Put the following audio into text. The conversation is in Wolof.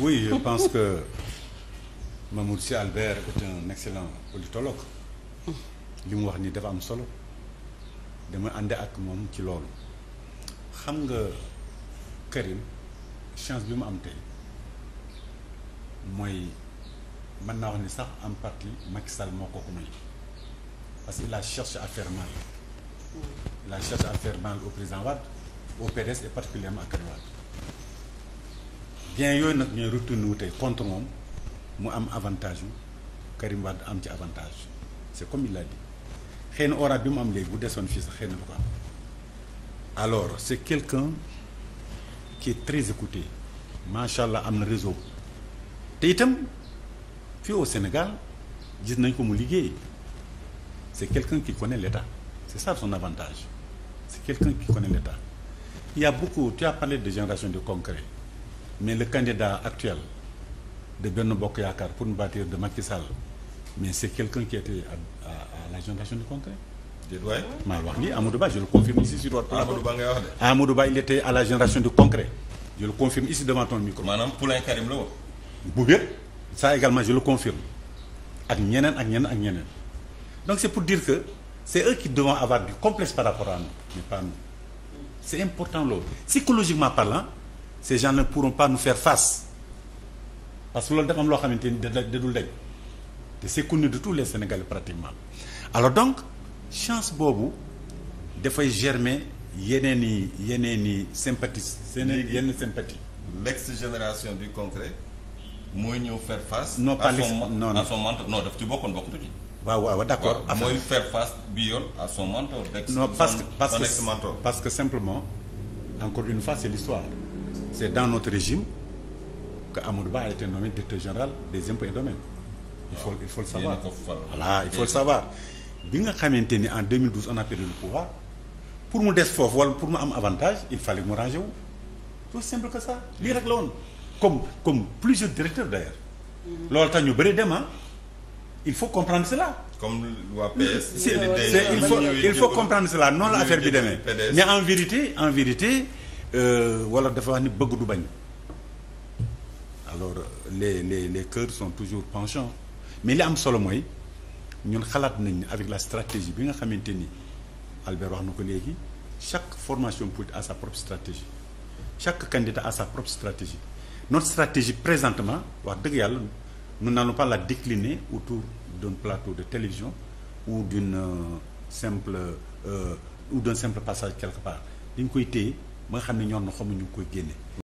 oui je pense que Mahmoud Sy Albert est un excellent politologue li mu wax ni dafa am solo dama ànd ak moom ci loolu xam nga Karim chance bi mu am tey mooy mën naa wax ni sax en partie Macky Sall moo ko ko may parce que il a cherché à faire mal il a cherché mal au président Wade au PDS et particulièrement à Karim bien yooyu nag ñooy retourné wu tey contre moom mu am avantage yu Karim am ci avantage c'est comme il l'a dit xëy na aura bi mu am léegi bu soon fii sax xëy na du ko am alors c'est quelqu'un qui est très macha allah am na réseau te itam fii au Sénégal gis nañ ko mu liggéey c'est quelqu'un qui connaît l'État c'est ça son avantage c'est quelqu'un qui connaît l'État il y a beaucoup tu as parlé de génération de concret mais le candidat actuel de benn Bokk Yaakaar pour nous bâtir de Macky Sall mais c'est quelqu'un qui était à, à, à la génération du contraire déedéet maa wax nii Amadou Ba je le confirme ici sur votre plateau. Amadou Ba ngay wax de. Amadou Ba il était à la génération je le confirme ici devant ton micro. maanaam Poulain Karim la woon. bu wér également je le confirme ak ñeneen ak ñeneen ak ñeneen donc c'est pour dire que c'est eux qui devons avoir du complexe par rapport a nous mais pas nous c'est important loolu psychologiquement parlant. ces gens ne pourront pas nous faire face parce que loolu dafa loo xamante ni da dul dañ te c'est connu de tous les Sénégalais pratiquement alors donc chance boobu dafay germer yeneen i yeneen i sympathies yeneen yenn sympathie l'ex génération du concret mooy ñëw faire face. non pas non à son ci bokkoon bokkatu ci. waaw waaw d'accord mooy faire bi yoon son mentor. non parce que parce que parce que simplement encore une fois c'est l'histoire c'est dans notre régime que Amadou Ba a été nommé général des impôts et domaines. il faut il faut le savoir voilà il faut le savoir bi nga xamante ni en 2012 on a perdu le pouvoir pour mu des foofu wala pour mu am avantage il fallait mu ranger wu c'est simple que ça lii rek la woon comme comme plusieurs directeurs d'ailleurs loolu tax ñu bëri dem ah. il faut comprendre cela. comme waa PS. il faut il faut comprendre cela noonu la affaire bi demee mais en vérité en vérité. Euh, wala dafa wax ni bëgg du bañ alors les les les cœurs sont toujours penchants mais li am solo mooy ñun xalaat nañ ni avec la stratégie bi nga xamante ni Albert wax na ko léegi chaque formation politique à sa propre stratégie chaque candidat à sa propre stratégie notre stratégie présentement wax dëgg yàlla nous naa pas la décliner autour d'un plateau de télévision ou d'une euh, simple euh, ou d'un simple passage quelque part dañ koy téye ba nga xam ne ñoon na xamuñu koy génne